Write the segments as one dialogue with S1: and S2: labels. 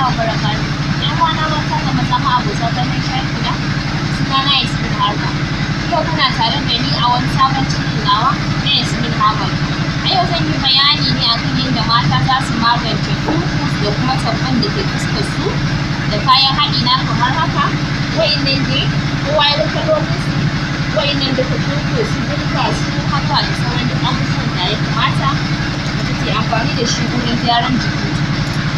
S1: warahmatullahi wa Yan wana mata da maza ma abota ganin shayi guda. Sunana Yasmin Harba. Yau kuna tare da ni a wani sabon cikin nawa na Yasmin Harba. A yau zan yi bayani ne a akan yadda mata za su magance kumfus da kuma tabbin da ke fuskar su da kayan haɗi na kamar haka. Wa'innan dai kowa ya rufe lokacin wa'innan da ka tofe su duka su haka da sauran duk abubuwan da ya kamata da take amfani da shi wurin gyaran jikinta.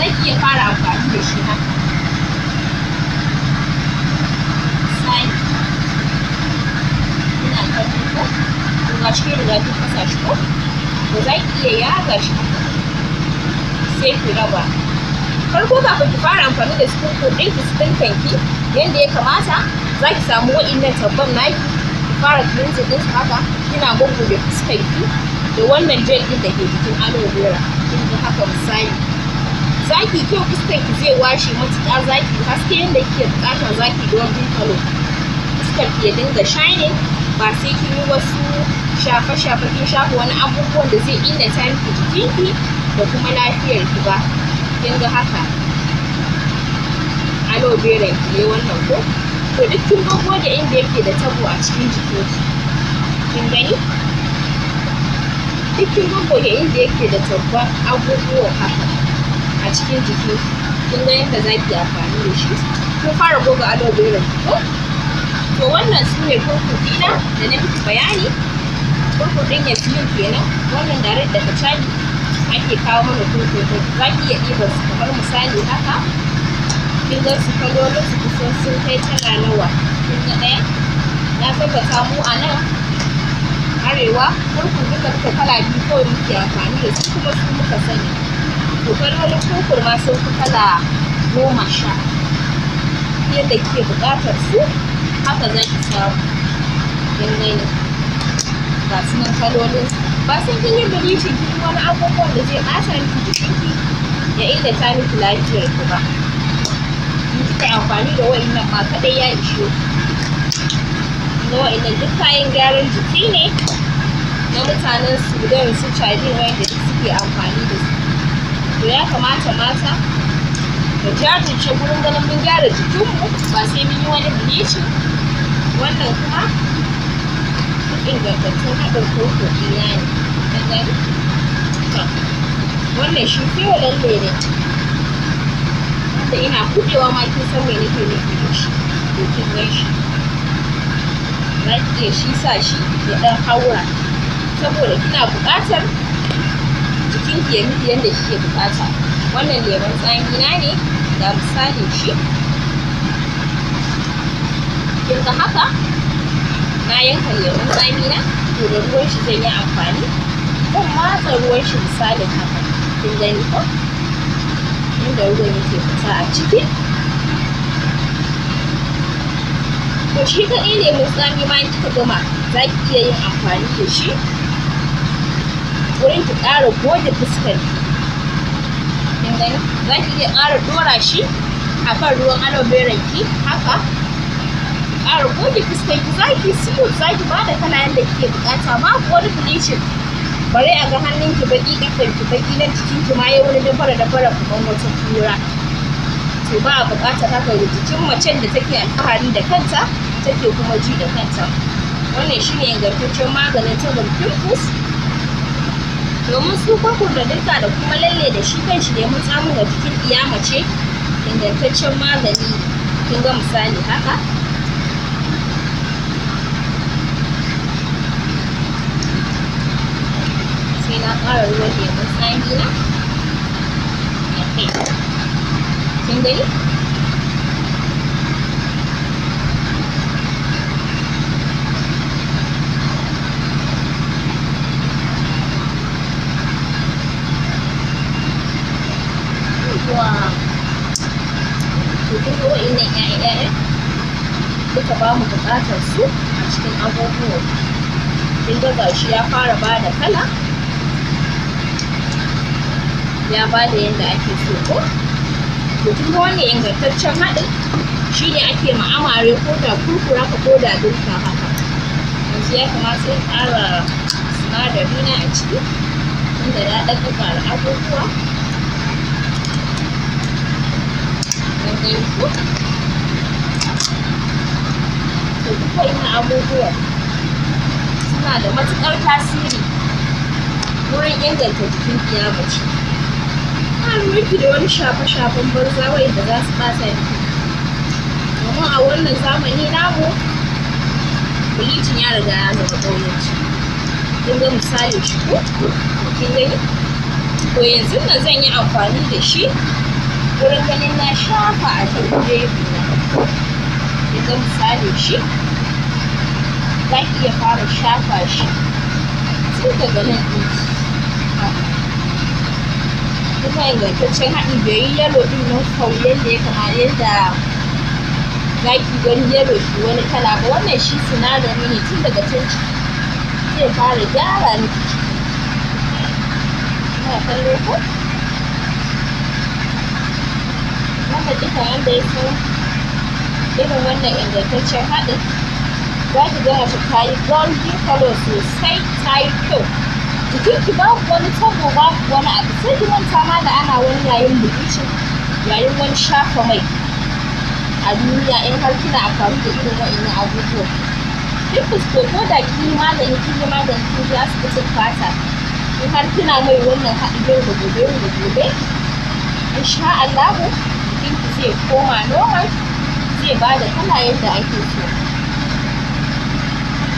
S1: zan iya fara amfani da shi haka sani ina kallon ko kuma cikin rigakafin kasashe ko Ba za ki iya yaga shi haka sai ku raba farko kafin ki fara amfani da sukun kuɗin ki sukun kanki yadda ya kamata za ki samu wa'innan tabban naki ki fara cleansing ɗin su haka kina gwaggwaje fuskarki da wannan gel ɗin da ke jikin aloe vera kin haka misali zaki kyau fuskar ki zai washe matuƙa zaki haske yadda kike buƙata zaki bin kalo. fuskar ki ya dinga shine ba sai kin yi wasu shafa shafa kin shafa wani abubuwan da zai illata miki ki da kuma lafiyar ki ba kin ga haka alo bere ki ne wannan ko to duk kin ga gode inda yake da tabo a cikin ki kin gani duk kin ga gode inda yake da tabban abubuwan haka a cikin jiki kin ga yadda za ki amfani da shi kun fara goga aloe vera ko to wannan su ne kurkuɗi na da na miki bayani kurkuɗin ya yin kenan wannan garin daga cani ake kawo mana kurkuɗi za ki iya ɗiba su kamar misali haka kin ga su kalolin su kusan sun kai tara nawa kin ga ɗaya na tabbata mu a nan arewa kurkuɗi duka duka kala biyu kawai muke amfani da su kuma su muka sani ƙwararrun kurkur ma sun fi kala goma sha yadda ke buƙatar su haka zai ki samu in gani ga su nan kalolin ba sun kin yi bilicin kin wani abubuwan da zai ɓata miki jikinki ya inda ta miki lafiyar ku ba in kika amfani da wa'innan ba kaɗai ya ishe na wa'innan duk kayan gyaran jiki ne na mutanen Sudan su Chadi wa'inda duk suke amfani da su to ya kamata mata mu jajirce gurin ganin mun gyara jikinmu ba sai mun yi wani bleaching wannan kuma ingantattun haɗin koko ɗina ne ka gari. wannan shi fiyo lalle ne wanda ina kuɗewa ma kin san me nake nufi da shi to kin gan shi za ki iya shi sa shi ya ɗan haura saboda kina buƙatar jikinki ya miki yadda ke buƙata wannan lemon tsami na ne da misalin shi yanzu haka na yanka lemon tsami na to da ruwan shi zan yi amfani zan matsa ruwan shi misalin haka kin gani ko inda ruwan yake fita a ciki to shi kaɗai lemun tsami ma in kika gama za ki iya yin amfani da shi wurin ki ƙara goge fuskar za ki iya ƙara ɗora shi a kan ruwan aloe vera ki haka ƙara goge fuskar ki za ki siyo, za ki bada kala yadda kike buƙata ku wani bleaching bari a ga hannun ki baki ƙafar ki baki na jikin ki ma ya wani dabara dabara kamar wata kura to ba a buƙatar haka da jikin macen da take alfahari da kanta take kuma ji da kanta wannan shine ingantaccen maganin tabin pimples domin su kwakwar da duka da kuma lalle da shi kanshi lemun samu da cikin iyama mace ingantaccen magani kin ga misali haka sai na ƙara ruwan lemun tsamina kin gani zuwa tuturo inda ƴaƴan duka ba buƙatar su a cikin abubuwan kin ga gashi ya fara ba kala ya ba yadda ake so ko to kun ingantaccen haɗin shi ne ake ma'amare ko da kurkura ka ko da dukka haka yanzu ya kamata in ƙara sinadari na a ciki tunda na ɗan ƙara abubuwa hanyoyin to ina abubuwa suna da matuƙar tasiri wurin inganta jikin ɗiya mace ba ruwanki da wani shafe-shafen banza da za su ɓata jiki domin a wannan zamani namu bilicin ya riga ya zama ƙauyenci kin ga misali shi ko kin gani to yanzu nan zan yi amfani da shi wurin ganin na shafa a can gefe zan misali shi za ki iya fara shafa shi tun daga nan ɗinki kuma ingantaccen haɗi bai yi yalo ɗin nan kauyen yadda ya kamata yadda za ki gani yalo shi wani kala ba wannan shi sinadari ne tun daga can ciki zai fara gyara miki ciki. Ina kallo ko? daidaito irin wannan ingantaccen haɗin za ki ga mace ta yi golden color sosai ta yi kyau jikinki babu wani tabo babu wani abu sai ki manta ma da ana wani yayin bleaching yayin wani shafa mai a duniya in har kina amfani da irin wa'innan abubuwan duk fusko ko da kin yi magani kin yi magani kin je asibitin fata in har kina mai wannan haɗin yau da gobe yau da gobe insha Allahu ɗinki zai koma normal zai ba da kala yadda ake so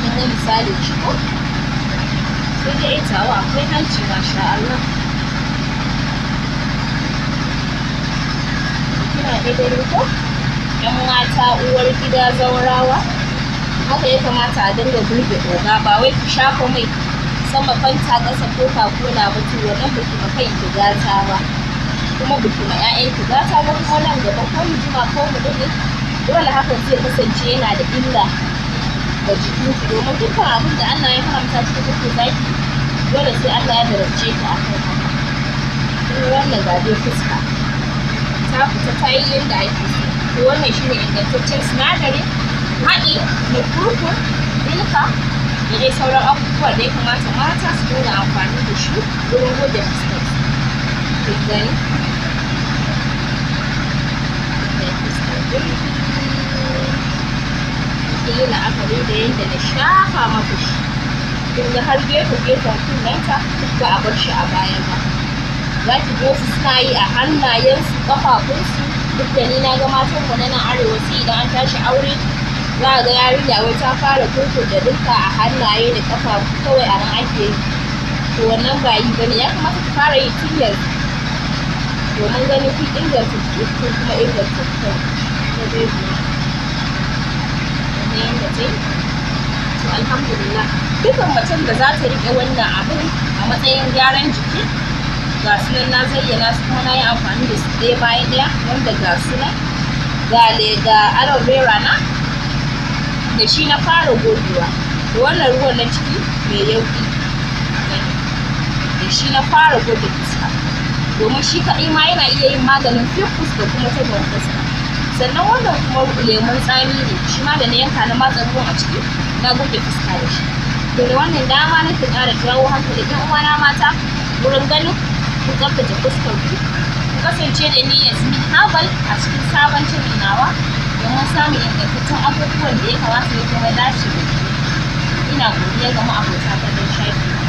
S1: in na misali ci ko sai dai itawa akwai hanci masha Allah kina daidai ko yan mata uwar gida zaurawa haka ya kamata a dinga gurbe oga ba wai ku shafa mai sama fanta ƙasa ko kakuna ba to wannan ba ki ba kai ki gata ba kuma bikin ma 'ya'yanki ba ta ga kuma nan gaba ko mu jima ko mu dade dole hakan zai kasance yana da illa ga jikinku domin dukkan abin da Allah ya haramta cikin kuku zaki dole sai Allah ya darabce ki a kan haka kuma wannan dai fuska ta fita ta yi yadda ake so to wannan shine ingantaccen sinadari haɗi da kurku dinka da dai sauran abubuwa da ya kamata mata su nuna amfani da shi wurin goge fuska today. Sai la'akari da yadda na shafa mata shi. Kun har gefe gefen kunnenta ba a bar shi a baya ba. Za ki ga suna yi a hannayensu, ƙafafunsu, duk da ni na ga matan mu na nan arewa sai idan an tashi aure za a ga yarinya wai ta fara da dukka a hannaye da ƙafafu kawai a nan ake yi. To wannan ba yi ne ya kamata ki fara yi tun yanzu. domin ganin kun inganta jiki kun kuma inganta kan na bebi da yadda ta yi to alhamdulillah dukan macen da za ta riƙe wannan abin a matsayin gyaran jiki ga sunan na zayyana su kuma na yi amfani da su ɗaya bayan ɗaya wanda ga sunan ga ga aloe vera na da shi na fara gogewa da wannan ruwan na ciki mai yauƙi da shi na fara gogewa domin shi kaɗai ma yana iya yin maganin fimfus da kuma tabon fuska sannan wannan kuma lemun tsami ne shi ma da na yanka na matsa ruwan a ciki na goge fuska da shi to da wannan dama na nake ƙara jawo hankali ɗan uwana mata wurin ganin ku tsaftace fuskar ku kasance da niyyar smith herbal a cikin sabon shirin nawa domin samun ingantaccen abubuwan da ya kamata ya kuma dace da ina godiya ga ma'abota ta don shafi